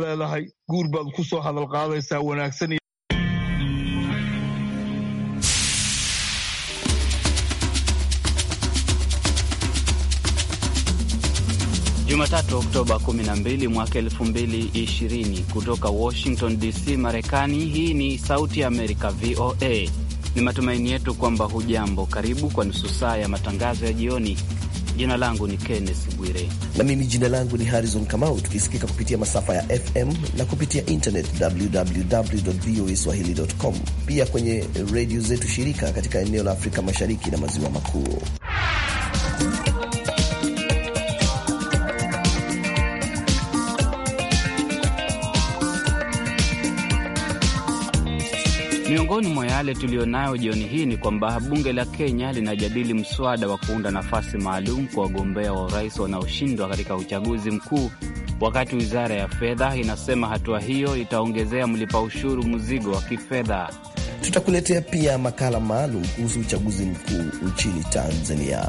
leedahay guur baad ku soo hadal qaadaysaa wanaagsan Jumatatu Oktoba 12 mwaka 2020 kutoka Washington DC, Marekani. Hii ni Sauti ya Amerika, VOA. Ni matumaini yetu kwamba hujambo. Karibu kwa nusu saa ya matangazo ya jioni Jina langu ni Kenneth Bwire. Na mimi jina langu ni Harrison Kamau, tukisikika kupitia masafa ya FM na kupitia internet www.voaswahili.com, pia kwenye redio zetu shirika katika eneo la Afrika Mashariki na Maziwa Makuu. Miongoni mwa yale tuliyonayo jioni hii ni kwamba bunge la Kenya linajadili mswada wa kuunda nafasi maalum kwa wagombea wa urais wanaoshindwa katika uchaguzi mkuu, wakati wizara ya fedha inasema hatua hiyo itaongezea mlipa ushuru mzigo wa kifedha. Tutakuletea pia makala maalum kuhusu uchaguzi mkuu nchini Tanzania.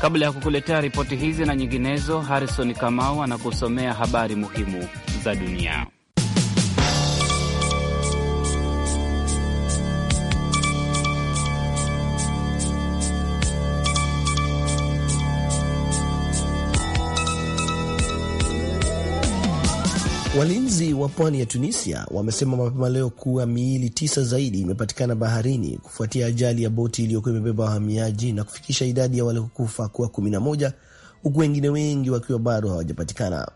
Kabla ya kukuletea ripoti hizi na nyinginezo, Harrison Kamau anakusomea habari muhimu za dunia. Walinzi wa pwani ya Tunisia wamesema mapema leo kuwa miili tisa zaidi imepatikana baharini kufuatia ajali ya boti iliyokuwa imebeba wahamiaji na kufikisha idadi ya waliokufa kuwa 11 huku wengine wengi wakiwa bado hawajapatikana.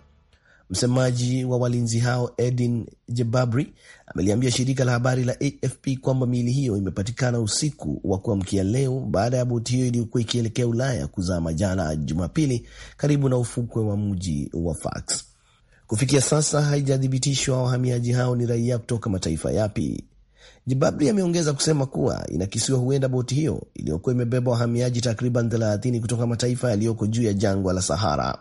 Msemaji wa walinzi hao Edin Jebabri ameliambia shirika la habari la AFP kwamba miili hiyo imepatikana usiku wa kuamkia leo baada ya boti hiyo iliyokuwa ikielekea Ulaya kuzama jana Jumapili karibu na ufukwe wa mji wa Sfax. Kufikia sasa haijathibitishwa wahamiaji hao ni raia kutoka mataifa yapi. Jibabri ameongeza kusema kuwa inakisiwa huenda boti hiyo iliyokuwa imebeba wahamiaji takriban 30 kutoka mataifa yaliyoko juu ya jangwa la Sahara.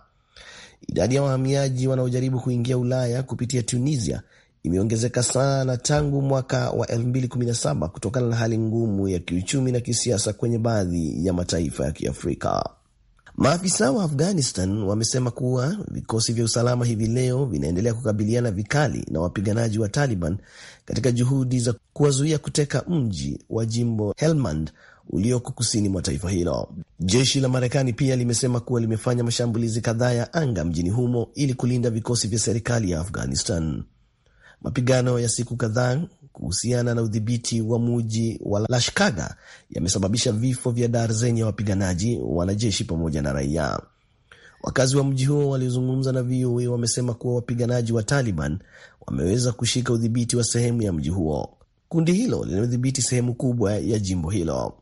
Idadi ya wahamiaji wanaojaribu kuingia Ulaya kupitia Tunisia imeongezeka sana tangu mwaka wa 2017 kutokana na hali ngumu ya kiuchumi na kisiasa kwenye baadhi ya mataifa ya Kiafrika. Maafisa wa Afghanistan wamesema kuwa vikosi vya usalama hivi leo vinaendelea kukabiliana vikali na wapiganaji wa Taliban katika juhudi za kuwazuia kuteka mji wa jimbo Helmand ulioko kusini mwa taifa hilo. Jeshi la Marekani pia limesema kuwa limefanya mashambulizi kadhaa ya anga mjini humo ili kulinda vikosi vya serikali ya Afghanistan. Mapigano ya siku kadhaa kuhusiana na udhibiti wa muji wa Lashkaga yamesababisha vifo vya darzeni ya wapiganaji, wanajeshi pamoja na raia. Wakazi wa mji huo waliozungumza na VOA wamesema kuwa wapiganaji wa Taliban wameweza kushika udhibiti wa sehemu ya mji huo. Kundi hilo linadhibiti sehemu kubwa ya jimbo hilo.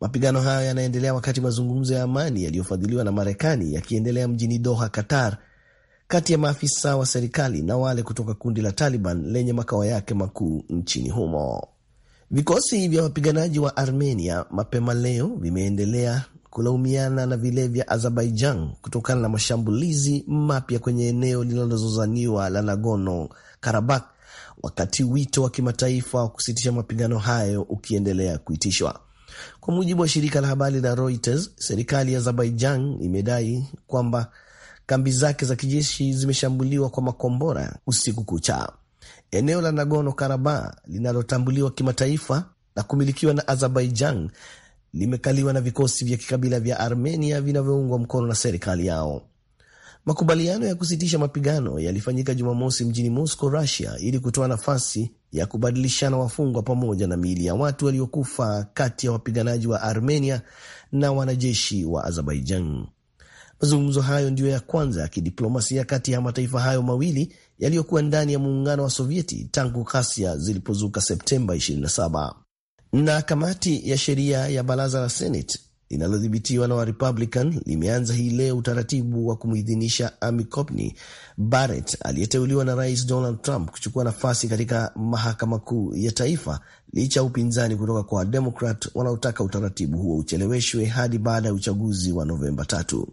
Mapigano hayo yanaendelea wakati mazungumzo ya amani yaliyofadhiliwa na Marekani yakiendelea mjini Doha, Qatar, kati ya maafisa wa serikali na wale kutoka kundi la Taliban lenye makao yake makuu nchini humo. Vikosi vya wapiganaji wa Armenia mapema leo vimeendelea kulaumiana na vile vya Azerbaijan kutokana na mashambulizi mapya kwenye eneo linalozozaniwa la Nagorno Karabakh, wakati wito wa kimataifa wa kusitisha mapigano hayo ukiendelea kuitishwa. Kwa mujibu wa shirika la habari la Reuters, serikali ya Azerbaijan imedai kwamba kambi zake za kijeshi zimeshambuliwa kwa makombora usiku kucha. Eneo la Nagorno Karabakh linalotambuliwa kimataifa na kumilikiwa na Azerbaijan limekaliwa na vikosi vya kikabila vya Armenia vinavyoungwa mkono na serikali yao. Makubaliano ya kusitisha mapigano yalifanyika Jumamosi mjini Moscow, Russia, ili kutoa nafasi ya kubadilishana wafungwa pamoja na miili ya watu waliokufa kati ya wapiganaji wa Armenia na wanajeshi wa Azerbaijan. Mazungumzo hayo ndiyo ya kwanza ya kidiplomasia kati ya mataifa hayo mawili yaliyokuwa ndani ya muungano wa Sovieti tangu ghasia zilipozuka Septemba 27. Na kamati ya sheria ya baraza la Senate linalodhibitiwa na Warepublican limeanza hii leo utaratibu wa kumwidhinisha Amy Coney Barrett aliyeteuliwa na Rais Donald Trump kuchukua nafasi katika mahakama kuu ya taifa licha ya upinzani kutoka kwa Wademokrat wanaotaka utaratibu huo ucheleweshwe hadi baada ya uchaguzi wa Novemba tatu.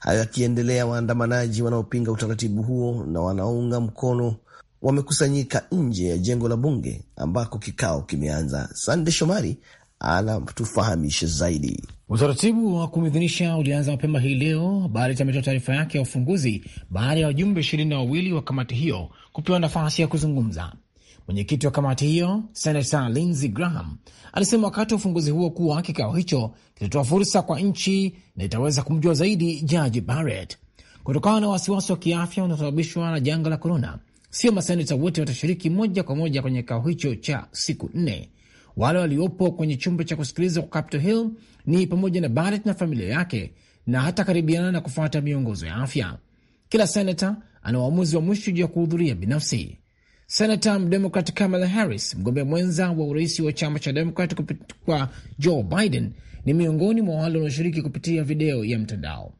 Hayo yakiendelea, waandamanaji wanaopinga utaratibu huo na wanaunga mkono wamekusanyika nje ya jengo la bunge ambako kikao kimeanza. Sande Shomari anatufahamisha zaidi. Utaratibu wa kumidhinisha ulianza mapema hii leo. baada ametoa taarifa yake ya ufunguzi baada ya wajumbe ishirini na wawili wa kamati hiyo kupewa nafasi ya kuzungumza. Mwenyekiti wa kamati hiyo Senata Lindsey Graham alisema wakati wa ufunguzi huo kuwa kikao hicho kitatoa fursa kwa nchi na itaweza kumjua zaidi Jaji Barrett. Kutokana na wasiwasi wa kiafya unaosababishwa na janga la korona, sio maseneta wote watashiriki moja kwa moja kwenye kikao hicho cha siku nne. Wale waliopo kwenye chumba cha kusikiliza kwa Capitol Hill ni pamoja na Barrett na familia yake, na hata karibiana na kufuata miongozo ya afya. Kila senata ana uamuzi wa mwisho juu ya kuhudhuria binafsi. Senata mdemokrat Kamala Harris, mgombea mwenza wa urais wa chama cha Demokrat kwa Joe Biden, ni miongoni mwa wale wanaoshiriki kupitia video ya mtandao.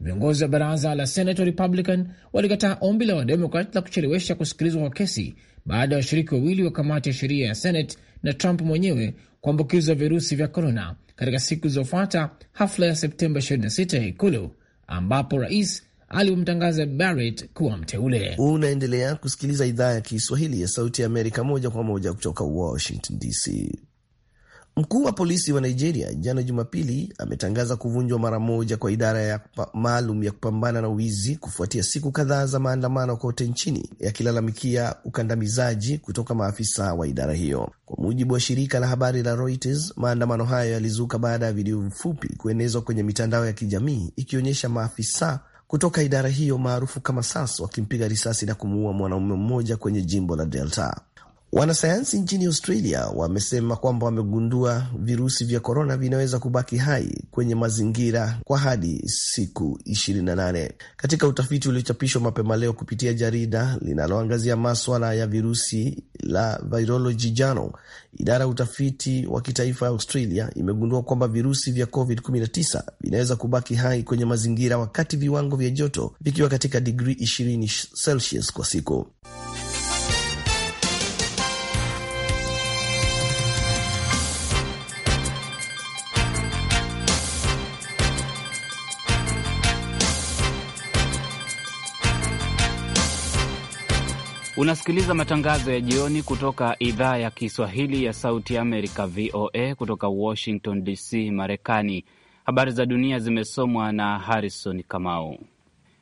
Viongozi wa baraza la Senate Republican walikataa ombi la Wademokrat la kuchelewesha kusikilizwa kwa kesi baada ya washiriki wawili wa kamati ya sheria ya Senate na Trump mwenyewe kuambukizwa virusi vya korona katika siku zilizofuata hafla ya Septemba 26 ya Ikulu ambapo rais alimtangaza Barrett kuwa mteule. Unaendelea kusikiliza idhaa ya Kiswahili ya Sauti ya Amerika moja kwa moja kutoka Washington DC. Mkuu wa polisi wa Nigeria jana Jumapili ametangaza kuvunjwa mara moja kwa idara ya maalum ya kupambana na wizi kufuatia siku kadhaa za maandamano kote nchini yakilalamikia ukandamizaji kutoka maafisa wa idara hiyo. Kwa mujibu wa shirika la habari la Reuters, maandamano hayo yalizuka baada ya video fupi kuenezwa kwenye mitandao ya kijamii ikionyesha maafisa kutoka idara hiyo maarufu kama SAS wakimpiga risasi na kumuua mwanaume mmoja kwenye jimbo la Delta. Wanasayansi nchini Australia wamesema kwamba wamegundua virusi vya korona vinaweza kubaki hai kwenye mazingira kwa hadi siku 28 katika utafiti uliochapishwa mapema leo kupitia jarida linaloangazia maswala ya virusi la Virology Journal. Idara ya utafiti wa kitaifa ya Australia imegundua kwamba virusi vya COVID-19 vinaweza kubaki hai kwenye mazingira wakati viwango vya joto vikiwa katika digrii 20 Celsius kwa siku. Unasikiliza matangazo ya jioni kutoka idhaa ya Kiswahili ya Sauti ya Amerika, VOA, kutoka Washington DC, Marekani. Habari za dunia zimesomwa na Harrison Kamau.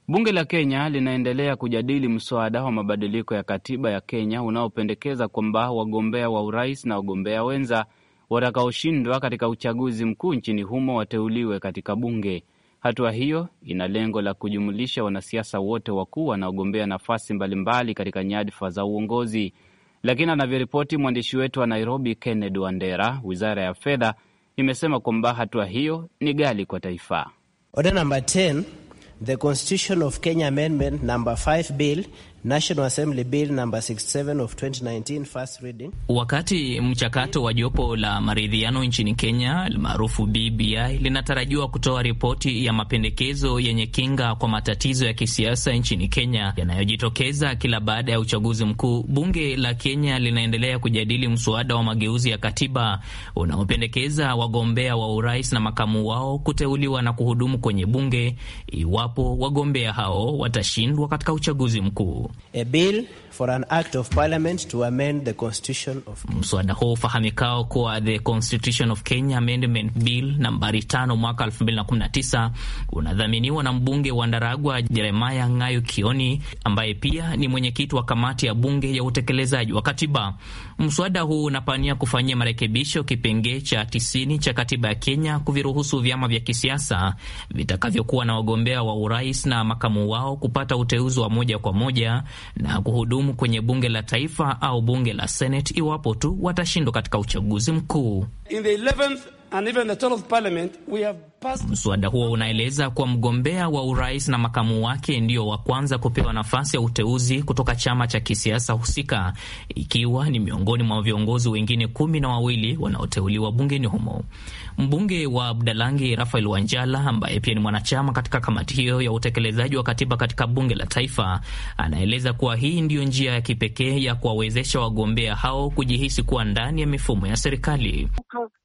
Bunge la Kenya linaendelea kujadili mswada wa mabadiliko ya katiba ya Kenya unaopendekeza kwamba wagombea wa urais na wagombea wenza watakaoshindwa katika uchaguzi mkuu nchini humo wateuliwe katika bunge. Hatua hiyo ina lengo la kujumulisha wanasiasa wote wakuu wanaogombea nafasi mbalimbali katika nyadhifa za uongozi. Lakini anavyoripoti mwandishi wetu wa Nairobi, Kennedy Wandera, wizara ya fedha imesema kwamba hatua hiyo ni ghali kwa taifa. Order number 10, the Constitution of Kenya Amendment number 5 bill National Assembly Bill number 67 of 2019, first reading. Wakati mchakato wa jopo la maridhiano nchini Kenya maarufu BBI linatarajiwa kutoa ripoti ya mapendekezo yenye kinga kwa matatizo ya kisiasa nchini Kenya yanayojitokeza kila baada ya uchaguzi mkuu, bunge la Kenya linaendelea kujadili mswada wa mageuzi ya katiba unaopendekeza wagombea wa urais na makamu wao kuteuliwa na kuhudumu kwenye bunge iwapo wagombea hao watashindwa katika uchaguzi mkuu. Mswada huo ufahamikao kuwa the Constitution of Kenya Amendment Bill nambari 5 mwaka 2019 unadhaminiwa na mbunge wa Ndaragwa Jeremaya Ng'ayu Kioni ambaye pia ni mwenyekiti wa kamati ya bunge ya utekelezaji wa katiba. Mswada huu unapania kufanyia marekebisho kipengee cha 90 cha katiba ya Kenya kuviruhusu vyama vya kisiasa vitakavyokuwa na wagombea wa urais na makamu wao kupata uteuzi wa moja kwa moja na kuhudumu kwenye bunge la taifa au bunge la Senate iwapo tu watashindwa katika uchaguzi mkuu In the 11th Mswada huo unaeleza kuwa mgombea wa urais na makamu wake ndio wa kwanza kupewa nafasi ya uteuzi kutoka chama cha kisiasa husika, ikiwa ni miongoni mwa viongozi wengine kumi na wawili wanaoteuliwa bungeni humo. Mbunge wa Abdalangi Rafael Wanjala, ambaye pia ni mwanachama katika kamati hiyo ya utekelezaji wa katiba katika bunge la taifa, anaeleza kuwa hii ndiyo njia ya kipekee ya kuwawezesha wagombea hao kujihisi kuwa ndani ya mifumo ya serikali.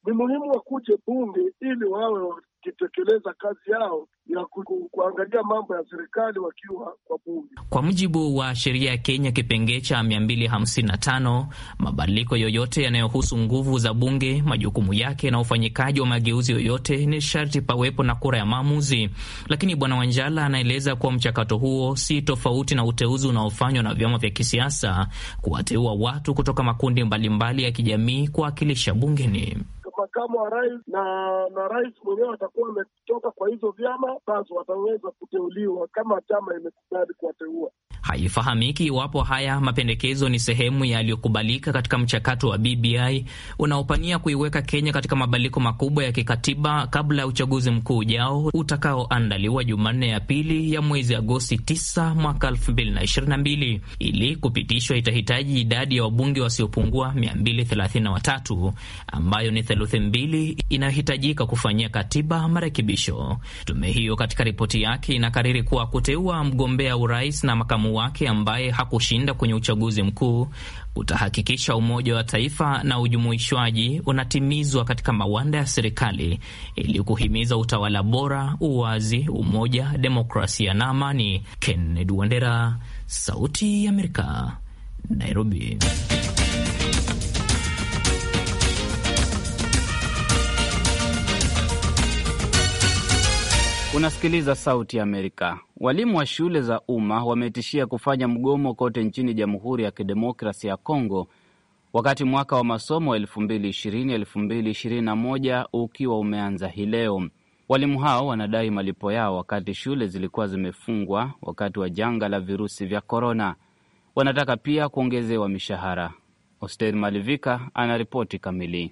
Ni muhimu wakuje bunge ili wawe wakitekeleza kazi yao ya kuangalia mambo ya serikali wakiwa kwa bunge. Kwa mujibu wa sheria ya Kenya kipengee cha 255, mabadiliko yoyote yanayohusu nguvu za bunge, majukumu yake na ufanyikaji wa mageuzi yoyote ni sharti pawepo na kura ya maamuzi. Lakini Bwana Wanjala anaeleza kuwa mchakato huo si tofauti na uteuzi unaofanywa na vyama vya kisiasa kuwateua watu kutoka makundi mbalimbali mbali ya kijamii kuwakilisha bungeni makamu wa rais na na rais mwenyewe atakuwa ametoka kwa hizo vyama, basi wataweza kuteuliwa kama chama imekubali kuwateua. Haifahamiki iwapo haya mapendekezo ni sehemu yaliyokubalika katika mchakato wa BBI unaopania kuiweka Kenya katika mabadiliko makubwa ya kikatiba kabla ya uchaguzi mkuu ujao utakaoandaliwa Jumanne ya pili ya mwezi Agosti 9 mwaka 2022. Ili kupitishwa, itahitaji idadi ya wabunge wasiopungua 233 ambayo ni theluthi mbili inayohitajika kufanyia katiba marekebisho. Tume hiyo katika ripoti yake inakariri kuwa kuteua mgombea urais na makamu wake ambaye hakushinda kwenye uchaguzi mkuu utahakikisha umoja wa taifa na ujumuishwaji unatimizwa katika mawanda ya serikali ili kuhimiza utawala bora, uwazi, umoja, demokrasia na amani. Kennedy Wandera, Sauti ya Amerika, Nairobi. Unasikiliza Sauti ya Amerika. Walimu wa shule za umma wametishia kufanya mgomo kote nchini Jamhuri ya Kidemokrasi ya Kongo wakati mwaka wa masomo wa 2020-2021 ukiwa umeanza hii leo. Walimu hao wanadai malipo yao wakati shule zilikuwa zimefungwa wakati wa janga la virusi vya korona. Wanataka pia kuongezewa mishahara. Oster Malivika anaripoti kamili.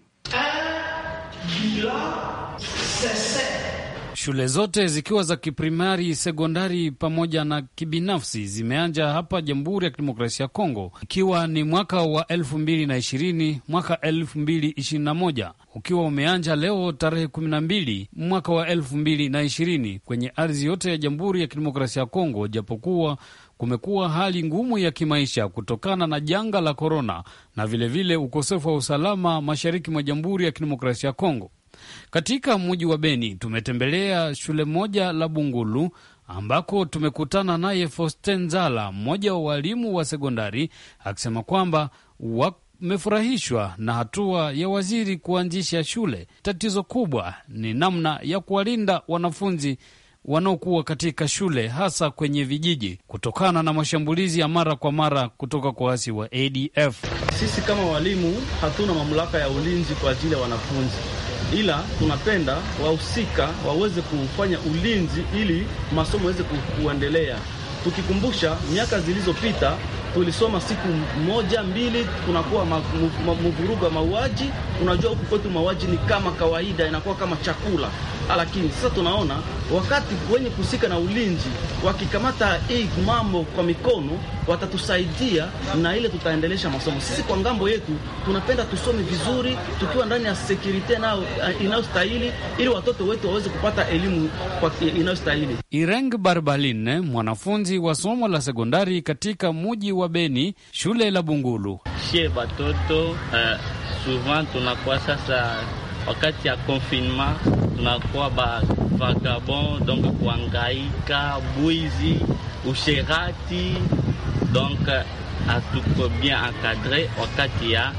Shule zote zikiwa za kiprimari, sekondari pamoja na kibinafsi zimeanja hapa Jamhuri ya Kidemokrasia ya Kongo, ikiwa ni mwaka wa elfu mbili na ishirini mwaka elfu mbili ishirini na moja ukiwa umeanja leo tarehe kumi na mbili mwaka wa elfu mbili na ishirini kwenye ardhi yote ya Jamhuri ya Kidemokrasia ya Kongo, japokuwa kumekuwa hali ngumu ya kimaisha kutokana na janga la korona na vilevile ukosefu wa usalama mashariki mwa Jamhuri ya Kidemokrasia ya Kongo. Katika mji wa Beni tumetembelea shule moja la Bungulu ambako tumekutana naye Fosten Zala, mmoja wa walimu wa sekondari, akisema kwamba wamefurahishwa na hatua ya waziri kuanzisha shule. Tatizo kubwa ni namna ya kuwalinda wanafunzi wanaokuwa katika shule hasa kwenye vijiji kutokana na mashambulizi ya mara kwa mara kutoka kwa waasi wa ADF. Sisi kama walimu hatuna mamlaka ya ulinzi kwa ajili ya wanafunzi ila tunapenda wahusika waweze kufanya ulinzi ili masomo yaweze kuendelea, tukikumbusha miaka zilizopita tulisoma siku moja mbili, kunakuwa mvurugo wa mauaji. Unajua huku kwetu mauaji ni kama kawaida, inakuwa kama chakula. Lakini sasa tunaona wakati wenye kuhusika na ulinzi wakikamata hii mambo kwa mikono, watatusaidia na ile tutaendelesha masomo. Sisi kwa ngambo yetu tunapenda tusome vizuri, tukiwa ndani ya sekurite inayostahili, ili watoto wetu waweze kupata elimu inayostahili. Ireng Barbaline, mwanafunzi wa somo la sekondari katika muji wa wa Beni, shule la Bungulu. Shie batoto uh, souvent tunakuwa sasa wakati ya confinement tunakuwa ba vagabond donc kuangaika, bwizi, usherati donc eh, hatuko bien encadre wakati ya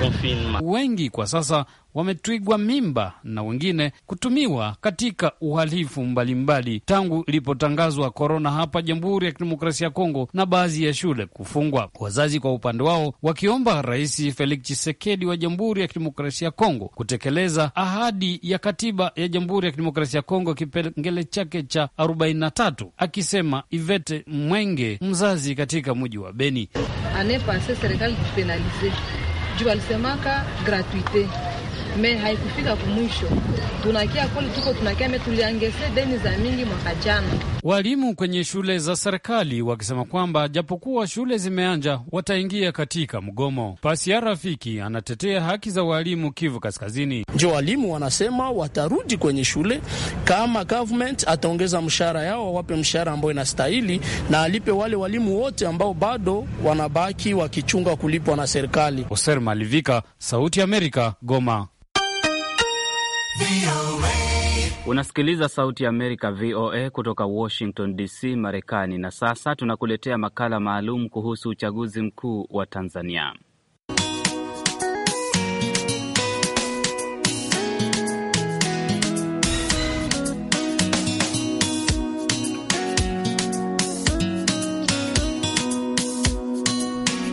confinement. Wengi kwa sasa wametwigwa mimba na wengine kutumiwa katika uhalifu mbalimbali tangu ilipotangazwa korona hapa Jamhuri ya Kidemokrasia ya Kongo, na baadhi ya shule kufungwa. Wazazi kwa upande wao wakiomba Rais Felix Tshisekedi wa Jamhuri ya Kidemokrasia ya Kongo kutekeleza ahadi ya katiba ya Jamhuri ya Kidemokrasia ya Kongo, kipengele chake cha 43, akisema Ivete Mwenge, mzazi katika mji wa Beni, anepa serikali juu alisemaka gratuite me haikufika kumwisho. Tunakia kule tuko tunakia me tuliangese deni za mingi mwaka jana. Walimu kwenye shule za serikali wakisema kwamba japokuwa shule zimeanja wataingia katika mgomo. Pasia Rafiki anatetea haki za walimu Kivu Kaskazini. Njo walimu wanasema watarudi kwenye shule kama government ataongeza mshahara yao, wape mshahara ambayo inastahili na alipe wale walimu wote ambao bado wanabaki wakichunga kulipwa na serikali. Oser Malivika, Sauti ya Amerika, Goma. Unasikiliza Sauti ya Amerika, VOA, kutoka Washington DC, Marekani. Na sasa tunakuletea makala maalum kuhusu uchaguzi mkuu wa Tanzania.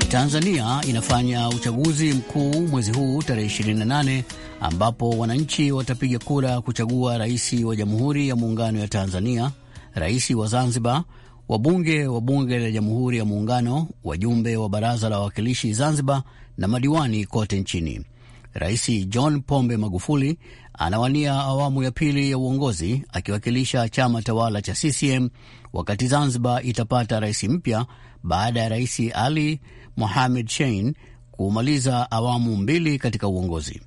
Tanzania inafanya uchaguzi mkuu mwezi huu tarehe 28 ambapo wananchi watapiga kura kuchagua rais wa Jamhuri ya Muungano ya Tanzania, rais wa Zanzibar, wabunge wa Bunge la Jamhuri ya Muungano, wajumbe wa Baraza la Wawakilishi Zanzibar na madiwani kote nchini. Rais John Pombe Magufuli anawania awamu ya pili ya uongozi akiwakilisha chama tawala cha CCM, wakati Zanzibar itapata rais mpya baada ya Rais Ali Mohamed Shein kumaliza awamu mbili katika uongozi.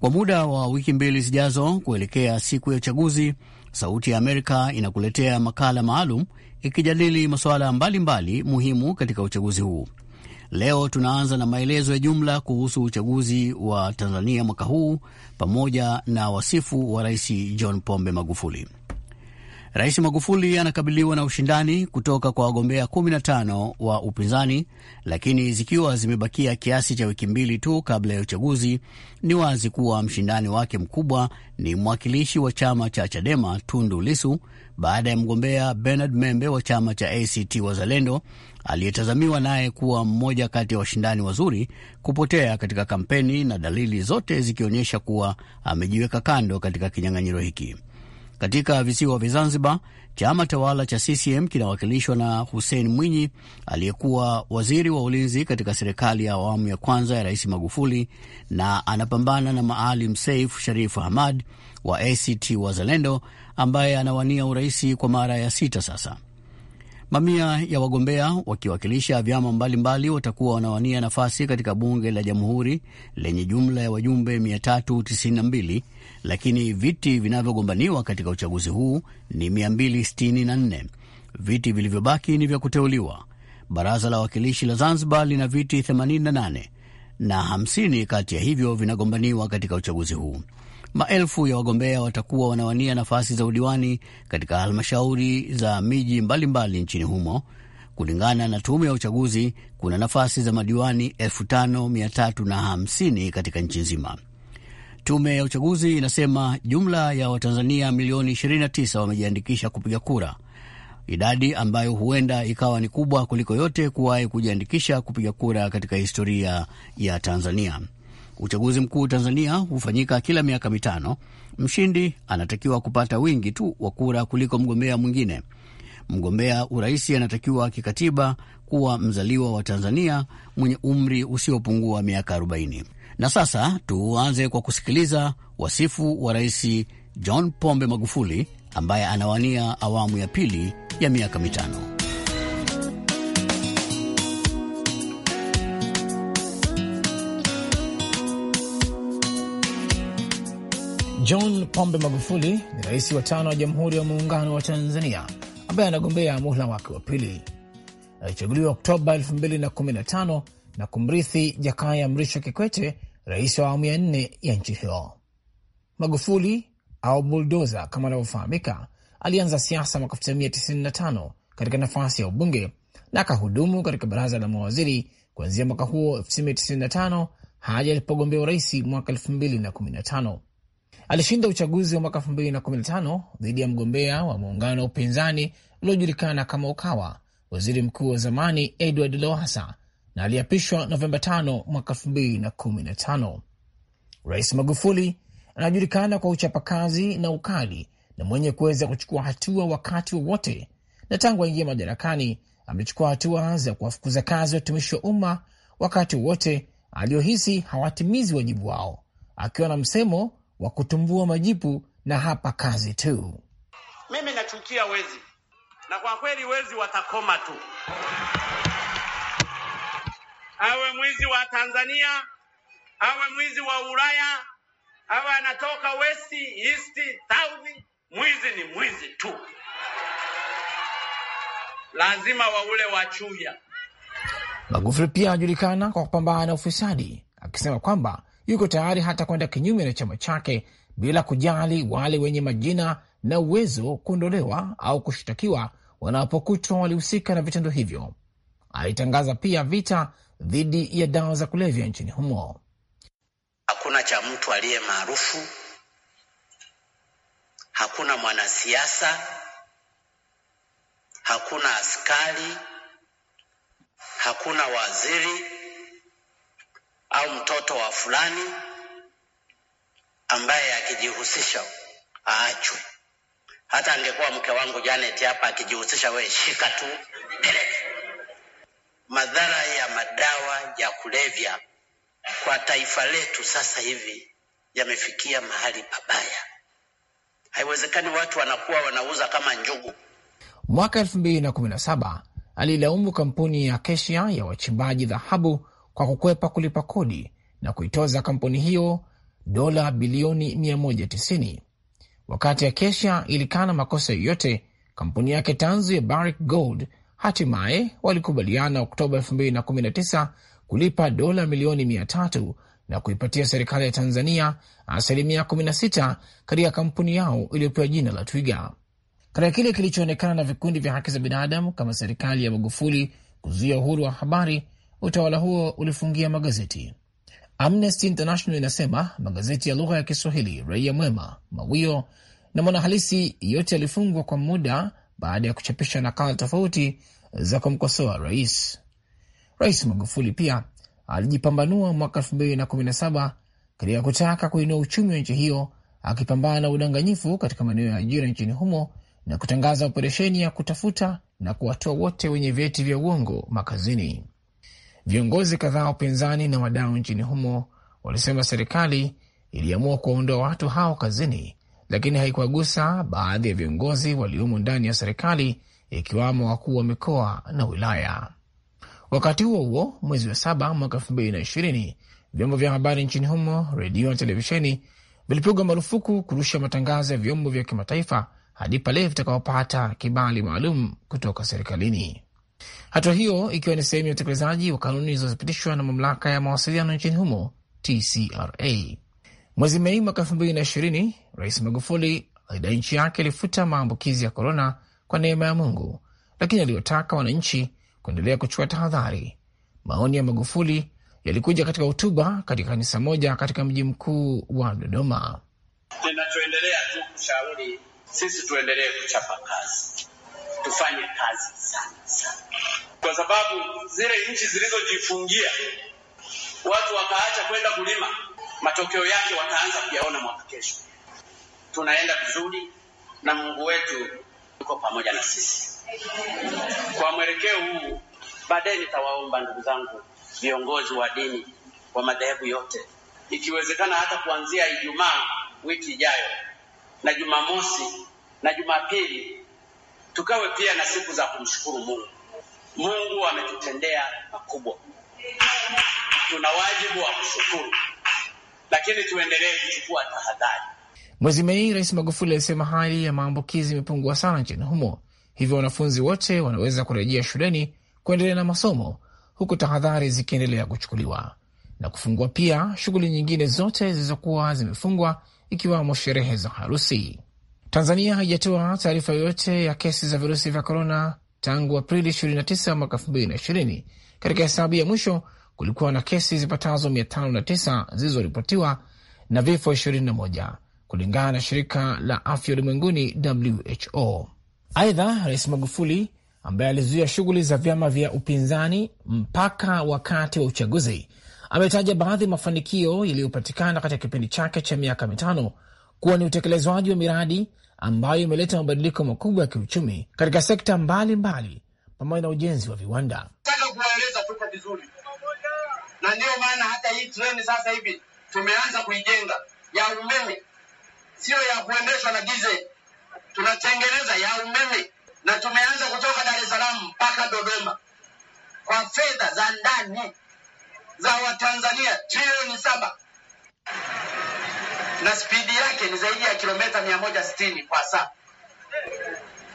Kwa muda wa wiki mbili zijazo kuelekea siku ya uchaguzi, Sauti ya Amerika inakuletea makala maalum ikijadili masuala mbalimbali muhimu katika uchaguzi huu. Leo tunaanza na maelezo ya jumla kuhusu uchaguzi wa Tanzania mwaka huu pamoja na wasifu wa Rais John Pombe Magufuli. Rais Magufuli anakabiliwa na ushindani kutoka kwa wagombea 15 wa upinzani, lakini zikiwa zimebakia kiasi cha wiki mbili tu kabla ya uchaguzi, ni wazi kuwa mshindani wake mkubwa ni mwakilishi wa chama cha Chadema Tundu Lisu, baada ya mgombea Bernard Membe wa chama cha ACT Wazalendo aliyetazamiwa naye kuwa mmoja kati ya wa washindani wazuri kupotea katika kampeni na dalili zote zikionyesha kuwa amejiweka kando katika kinyang'anyiro hiki. Katika visiwa vya Zanzibar, chama tawala cha CCM kinawakilishwa na Hussein Mwinyi aliyekuwa waziri wa ulinzi katika serikali ya awamu ya kwanza ya Rais Magufuli, na anapambana na Maalim Seif Sharif Hamad wa ACT Wazalendo ambaye anawania uraisi kwa mara ya sita sasa. Mamia ya wagombea wakiwakilisha vyama mbalimbali watakuwa wanawania nafasi katika bunge la Jamhuri lenye jumla ya wajumbe 392 lakini viti vinavyogombaniwa katika uchaguzi huu ni 264. Viti vilivyobaki ni vya kuteuliwa. Baraza la Wawakilishi la Zanzibar lina viti 88 na 50 kati ya hivyo vinagombaniwa katika uchaguzi huu. Maelfu ya wagombea watakuwa wanawania nafasi za udiwani katika halmashauri za miji mbalimbali mbali nchini humo. Kulingana na tume ya uchaguzi, kuna nafasi za madiwani 5350 katika nchi nzima. Tume ya uchaguzi inasema jumla ya Watanzania milioni 29 wamejiandikisha kupiga kura, idadi ambayo huenda ikawa ni kubwa kuliko yote kuwahi kujiandikisha kupiga kura katika historia ya Tanzania. Uchaguzi mkuu Tanzania hufanyika kila miaka mitano. Mshindi anatakiwa kupata wingi tu wa kura kuliko mgombea mwingine. Mgombea urais anatakiwa kikatiba kuwa mzaliwa wa Tanzania mwenye umri usiopungua miaka 40. Na sasa tuanze kwa kusikiliza wasifu wa Rais John Pombe Magufuli ambaye anawania awamu ya pili ya miaka mitano. John Pombe Magufuli ni rais wa tano wa Jamhuri ya Muungano wa Tanzania ambaye anagombea muhula wake wa pili. Alichaguliwa Oktoba 2015 na kumrithi Jakaya Mrisho Kikwete rais wa awamu ya nne ya nchi hiyo. Magufuli au buldoza kama anavyofahamika, alianza siasa mwaka 1995 katika nafasi ya ubunge na akahudumu katika baraza la mawaziri kuanzia mwaka huo 1995 hadi alipogombea urais mwaka 2015. Alishinda uchaguzi wa mwaka 2015 dhidi ya mgombea wa muungano wa upinzani uliojulikana kama Ukawa, waziri mkuu wa zamani Edward Lowassa na aliapishwa Novemba 5 mwaka 2015. Rais Magufuli anajulikana kwa uchapakazi na ukali na mwenye kuweza kuchukua hatua wakati wowote, na tangu aingia madarakani amechukua hatua za kuwafukuza kazi watumishi wa umma wakati wowote aliohisi hawatimizi wajibu wao, akiwa na msemo wa kutumbua majipu na hapa kazi tu. Mimi nachukia wezi, na kwa kweli wezi watakoma tu awe mwizi wa Tanzania, awe mwizi wa Ulaya, awe anatoka west, east, south, mwizi ni mwizi tu. Lazima waule wachuya. Magufuli pia anajulikana kwa kupambana na ufisadi, akisema kwamba yuko tayari hata kwenda kinyume na chama chake bila kujali wale wenye majina na uwezo kuondolewa au kushtakiwa wanapokutwa walihusika na vitendo hivyo. Alitangaza pia vita dhidi ya dawa za kulevya nchini humo. Hakuna cha mtu aliye maarufu, hakuna mwanasiasa, hakuna askari, hakuna waziri au mtoto wa fulani ambaye akijihusisha aachwe. Hata angekuwa mke wangu Janet hapa akijihusisha, we shika tu madhara ya madawa ya kulevya kwa taifa letu sasa hivi yamefikia mahali pabaya. Haiwezekani watu wanakuwa wanauza kama njugu. Mwaka saba alilaumu kampuni ya Kesha ya wachimbaji dhahabu kwa kukwepa kulipa kodi na kuitoza kampuni hiyo dola bilioni 190. Wakati ya Kesha ilikana makosa yoyote, kampuni yake tanzu ya Barrick Gold hatimaye walikubaliana Oktoba 2019 kulipa dola milioni 3 na kuipatia serikali ya Tanzania asilimia 16 katika kampuni yao iliyopewa jina la Twiga. Katika kile kilichoonekana na vikundi vya haki za binadamu kama serikali ya Magufuli kuzuia uhuru wa habari, utawala huo ulifungia magazeti. Amnesty International inasema magazeti ya lugha ya Kiswahili, Raia Mwema, Mawio na Mwanahalisi yote yalifungwa kwa muda baada ya kuchapisha nakala tofauti za kumkosoa rais. Rais Magufuli pia alijipambanua mwaka saba katika kutaka kuinua uchumi wa nchi hiyo, akipambana na udanganyifu katika maeneo ya ajira nchini humo na kutangaza operesheni ya kutafuta na kuwatoa wote wenye vyeti vya uongo makazini. Viongozi kadhaa upinzani na wadau nchini humo walisema serikali iliamua kuwaondoa watu hao kazini lakini haikuwagusa baadhi ya viongozi waliomo ndani ya serikali ikiwamo wakuu wa mikoa na wilaya. Wakati huo huo, mwezi wa saba mwaka elfu mbili na ishirini, vyombo vya habari nchini humo, redio na televisheni, vilipigwa marufuku kurusha matangazo ya vyombo vya kimataifa hadi pale vitakapopata kibali maalum kutoka serikalini. Hatua hiyo ikiwa ni sehemu ya utekelezaji wa kanuni zilizopitishwa na mamlaka ya mawasiliano nchini humo TCRA. Mwezi Mei mwaka elfu mbili na ishirini, Rais Magufuli alidai nchi yake ilifuta maambukizi ya korona kwa neema ya Mungu, lakini aliyotaka wananchi kuendelea kuchukua tahadhari. Maoni ya Magufuli yalikuja katika hotuba katika kanisa moja katika mji mkuu wa Dodoma. Ninachoendelea tu kushauri sisi tuendelee kuchapa kazi, tufanye kazi sana sana, kwa sababu zile nchi zilizojifungia watu wakaacha kwenda kulima matokeo yake wataanza kuyaona mwaka kesho. Tunaenda vizuri na Mungu wetu yuko pamoja na sisi. Kwa mwelekeo huu, baadaye nitawaomba ndugu zangu viongozi wa dini wa madhehebu yote, ikiwezekana hata kuanzia Ijumaa wiki ijayo na Jumamosi na Jumapili, tukawe pia na siku za kumshukuru Mungu. Mungu ametutendea makubwa, tuna wajibu wa kushukuru lakini tuendelee kuchukua tahadhari. Mwezi Mei, Rais Magufuli alisema hali ya maambukizi imepungua sana nchini humo, hivyo wanafunzi wote wanaweza kurejea shuleni kuendelea na masomo, huku tahadhari zikiendelea kuchukuliwa na kufungua pia shughuli nyingine zote zilizokuwa zimefungwa ikiwamo sherehe za harusi. Tanzania haijatoa taarifa yoyote ya kesi za virusi vya korona tangu Aprili 29 mwaka 2020 katika hesabu ya mwisho kulikuwa na kesi zipatazo 509 zilizoripotiwa na vifo 21 kulingana na shirika la afya ulimwenguni WHO. Aidha, Rais Magufuli ambaye alizuia shughuli za vyama vya upinzani mpaka wakati wa uchaguzi ametaja baadhi ya mafanikio yaliyopatikana katika kipindi chake cha miaka mitano kuwa ni utekelezwaji wa miradi ambayo imeleta mabadiliko makubwa ya kiuchumi katika sekta mbalimbali pamoja na ujenzi wa viwanda. tuko vizuri na ndio maana hata hii treni sasa hivi tumeanza kuijenga ya umeme, siyo ya kuendeshwa na gize. Tunatengeneza ya umeme na tumeanza kutoka Dar es Salaam mpaka Dodoma kwa fedha za ndani za Watanzania trilioni saba na spidi yake ni zaidi ya kilomita 160 kwa saa.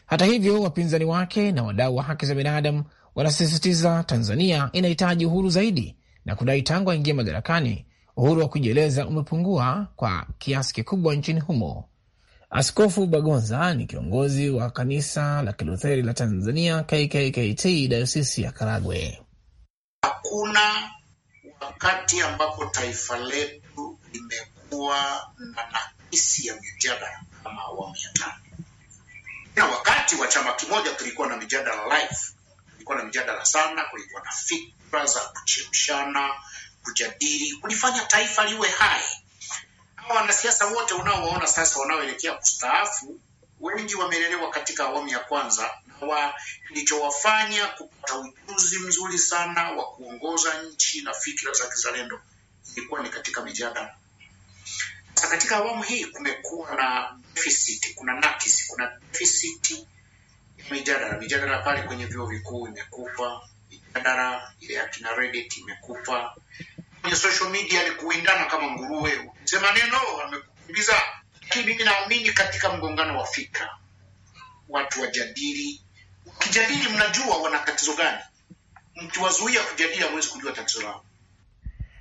Hata hivyo, wapinzani wake na wadau wa haki za binadamu wanasisitiza Tanzania inahitaji uhuru zaidi na kudai tangu aingie madarakani uhuru wa kujieleza umepungua kwa kiasi kikubwa nchini humo. Askofu Bagonza ni kiongozi wa kanisa la Kilutheri la Tanzania, KKKT, dayosisi ya Karagwe. Hakuna wakati ambapo taifa letu limekuwa na nakisi ya mijadala kama awamu ya tano, na wakati wa chama kimoja tulikuwa na mijadala life, kulikuwa na mijadala sana, kulikuwa na fiki fikra za kuchemshana, kujadili, kulifanya taifa liwe hai. Hawa wanasiasa wote unaowaona sasa wanaoelekea kustaafu, wengi wamelelewa katika awamu ya kwanza, na kilichowafanya kupata ujuzi mzuri sana wa kuongoza nchi na fikra za kizalendo ilikuwa ni katika mijadala. Sasa katika awamu hii kumekuwa na deficit, kuna nakisi, kuna deficit ya mijadala. Mijadala pale kwenye vyuo vikuu imekufa Mjadala ile ya kina Reddit imekufa kwenye social media, ni kuindana kama nguruwe, sema neno wamekukimbiza. Lakini mimi naamini katika mgongano wa fikra, watu wajadili. Ukijadili mnajua wana tatizo gani, mkiwazuia kujadili hamwezi kujua tatizo lao.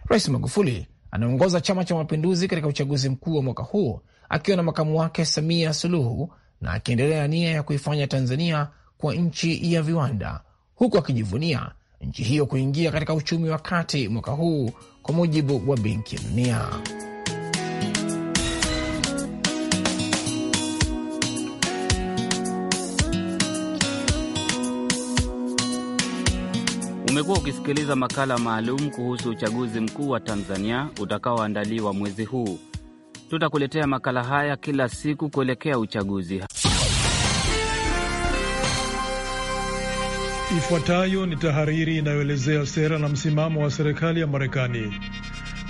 Rais Magufuli anaongoza Chama cha Mapinduzi katika uchaguzi mkuu wa mwaka huu akiwa na makamu wake Samia Suluhu na akiendelea nia ya kuifanya Tanzania kwa nchi ya viwanda huku akijivunia nchi hiyo kuingia katika uchumi wa kati mwaka huu kwa mujibu wa Benki ya Dunia. Umekuwa ukisikiliza makala maalum kuhusu uchaguzi mkuu wa Tanzania utakaoandaliwa mwezi huu. Tutakuletea makala haya kila siku kuelekea uchaguzi Ifuatayo ni tahariri inayoelezea sera na msimamo wa serikali ya Marekani.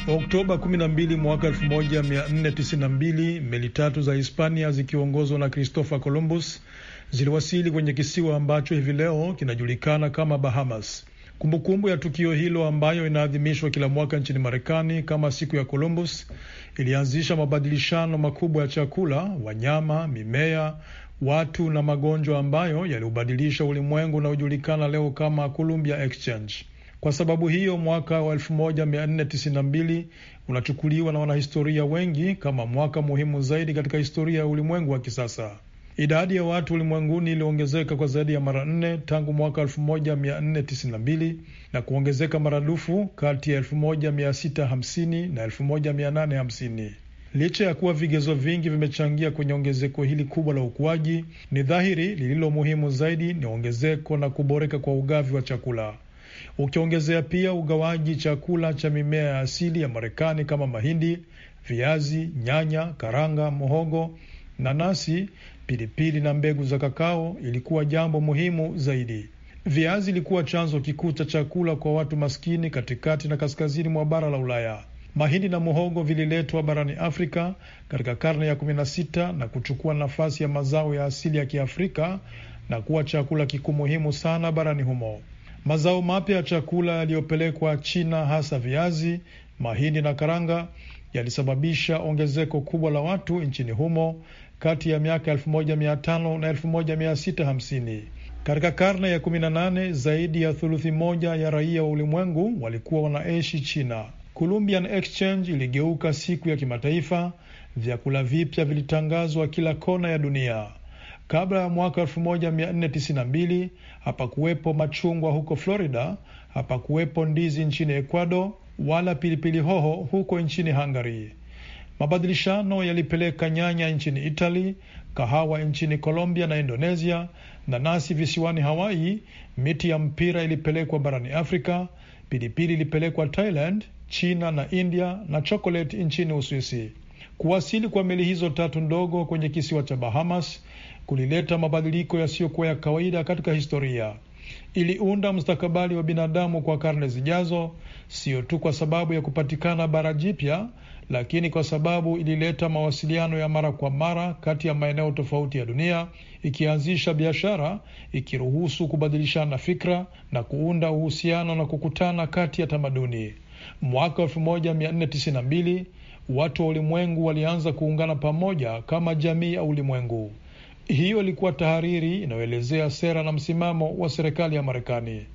Oktoba 12 mwaka 1492 meli tatu za Hispania zikiongozwa na Christopher Columbus ziliwasili kwenye kisiwa ambacho hivi leo kinajulikana kama Bahamas. Kumbukumbu ya tukio hilo ambayo inaadhimishwa kila mwaka nchini Marekani kama siku ya Columbus ilianzisha mabadilishano makubwa ya chakula, wanyama, mimea, watu na magonjwa ambayo yaliubadilisha ulimwengu unaojulikana leo kama Columbia Exchange. Kwa sababu hiyo mwaka wa 1492 unachukuliwa na wanahistoria wengi kama mwaka muhimu zaidi katika historia ya ulimwengu wa kisasa. Idadi ya watu ulimwenguni iliongezeka kwa zaidi ya mara nne tangu mwaka 1492 na kuongezeka maradufu kati ya 1650 na 1850. Licha ya kuwa vigezo vingi vimechangia kwenye ongezeko hili kubwa la ukuaji, ni dhahiri lililo muhimu zaidi ni ongezeko na kuboreka kwa ugavi wa chakula, ukiongezea pia ugawaji chakula cha mimea ya asili ya Marekani kama mahindi, viazi, nyanya, karanga, muhogo, nanasi, pilipili na mbegu za kakao ilikuwa jambo muhimu zaidi. Viazi ilikuwa chanzo kikuu cha chakula kwa watu maskini katikati na kaskazini mwa bara la Ulaya. Mahindi na muhogo vililetwa barani Afrika katika karne ya 16 na kuchukua nafasi ya mazao ya asili ya Kiafrika na kuwa chakula kikuu muhimu sana barani humo. Mazao mapya ya chakula yaliyopelekwa China, hasa viazi, mahindi na karanga, yalisababisha ongezeko kubwa la watu nchini humo kati ya miaka 1500 na 1650. Katika karne ya 18 zaidi ya thuluthi moja ya raia wa ulimwengu walikuwa wanaishi China. Columbian Exchange iligeuka siku ya kimataifa. Vyakula vipya vilitangazwa kila kona ya dunia. Kabla ya mwaka 1492 hapakuwepo machungwa huko Florida, hapakuwepo ndizi nchini Ecuador wala pilipili hoho huko nchini Hungary. Mabadilishano yalipeleka nyanya nchini Italy, kahawa nchini Colombia na Indonesia, nanasi visiwani Hawaii, miti ya mpira ilipelekwa barani Afrika, pilipili ilipelekwa Thailand, China na India na chokoleti nchini Uswisi. Kuwasili kwa meli hizo tatu ndogo kwenye kisiwa cha Bahamas kulileta mabadiliko yasiyokuwa ya kawaida katika historia. Iliunda mustakabali wa binadamu kwa karne zijazo, siyo tu kwa sababu ya kupatikana bara jipya, lakini kwa sababu ilileta mawasiliano ya mara kwa mara kati ya maeneo tofauti ya dunia, ikianzisha biashara, ikiruhusu kubadilishana fikra na kuunda uhusiano na kukutana kati ya tamaduni. Mwaka 1492 watu wa ulimwengu walianza kuungana pamoja kama jamii ya ulimwengu. Hiyo ilikuwa tahariri inayoelezea sera na msimamo wa serikali ya Marekani.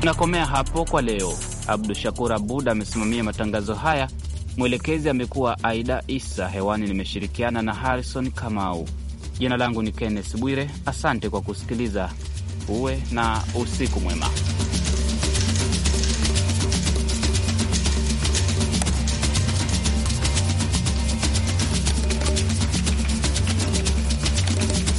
Tunakomea hapo kwa leo. Abdu Shakur Abud amesimamia matangazo haya, mwelekezi amekuwa Aida Isa. Hewani nimeshirikiana na Harrison Kamau. Jina langu ni Kenneth Bwire, asante kwa kusikiliza. Uwe na usiku mwema.